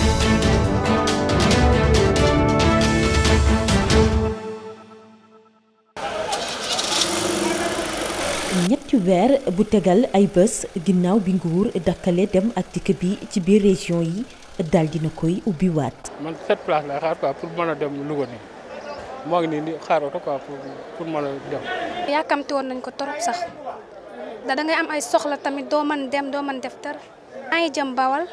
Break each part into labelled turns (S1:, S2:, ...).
S1: ñetti weer bu tegal ay bés ginnaaw bi nguur dakkale dem ak dikk bi ci biir région yi daal dina koy ubbi waat
S2: man cette place lay xaar quoi pour mën a woon nañ ko torop sax da da am ay soxla tamit doo mën dem doo mën def dara. maa ngi jëm bawal.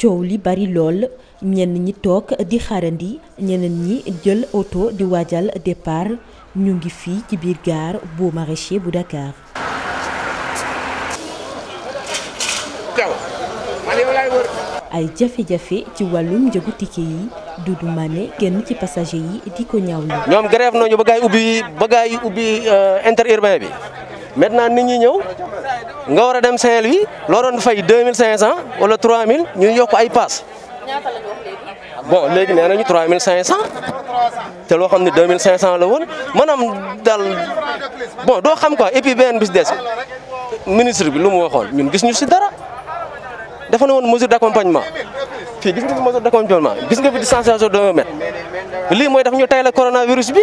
S1: coow li bari lool ñenn ñi toog di xaarandi ñeneen ñi jël oto di waajal départ ñu ngi fii ci biir gaar bu maraîcher bu Dakar. ay jafe-jafe ci wàllum njëgu tike yi Doudou kenn ci passager yi di ko ñaawlu.
S2: ñoom grève nañu ba ubbi ba gaay euh, bi maintenant nit ñi ñëw. nga war a dem Saint-Louis loo doon fay 2500 wala 3000 ñu yokk ay paas. ñaata la ñu wax léegi. bon léegi nee nañu 3500. te loo xam ne 2500 la woon maanaam daal bon doo xam quoi et puis benn bis des ministre bi lu mu waxoon ñun gis ñu si dara. dafa ne woon mesure d' fii gis nga fi mesure d' accompagnement gis nga bi distanciation de 2 lii mooy daf ñu tay la coronavirus
S1: bi.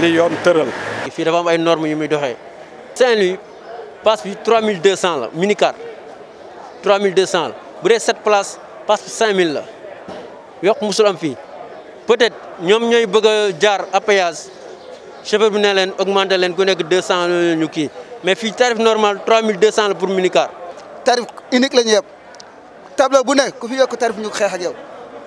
S3: li yoon tëral.
S2: fii dafa am ay normes yu muy doxee. Saint-Louis passe 3 3200 la car. 3200 la bu dee 7 places passe bi 5000 la yokk musul am fii peut-être ñoom ñooy bëgg a jaar à péage chauffeur bi ne augmenter leen ku nekk 200 la ñu kii mais fii tarif normal 3200 la pour mini car. tarif unique la ñu yeb tableau bu ne ku fi yokk tarif ñu xeex ak yow.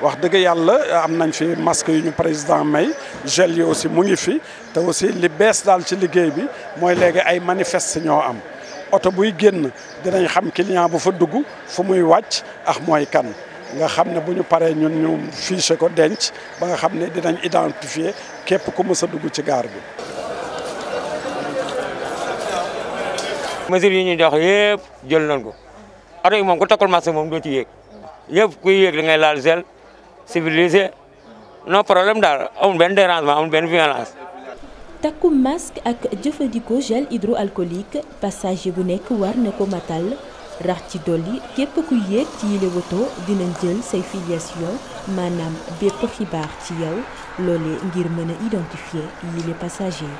S3: wax deug yalla am nañ fi masque yu ñu président may gel yi aussi mu ngi fi té aussi li bees dal ci liggéey bi moy légui ay manifeste ñoo am auto buy génn dinañ xam client bu fa dugg fu muy wacc ak moy kan nga xam ne bu ñu ñun ñu fiché ko denc ba nga xam ne dinañ identifier képp ku mësa dugg ci gaar bi. mesures yi
S2: ñu jox yépp jël nañ ko oto yi moom ku takkul masque moom doo ci yéeg yépp kuy yéeg da ngay laal gel civilisé non problème dal amul ben dérangement amul ben violence.
S1: takku masque ak jëfandikoo gel hydroalcoolique passager bu nekk war na ko matal rax ci doli képp ku yéeg ci yile woto dinañ jël say filiation maanaam bépp xibaar ci yow loolee ngir mën a identifier yile passager.